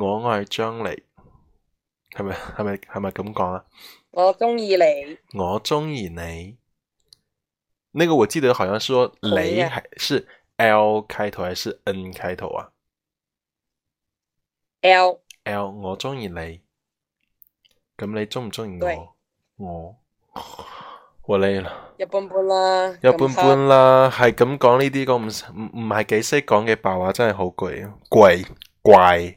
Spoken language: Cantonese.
我愛張雷，係咪係咪係咪咁講啊？我鍾意你，我鍾意你。呢、那個我記得好像是說雷，還是 L 開頭還是 N 開頭啊？L L 我鍾意你，咁你鍾唔鍾意我？我我累啦，一般般啦，一般般啦。係咁講呢啲咁唔唔唔係幾識講嘅白話，真係好攰攰攰。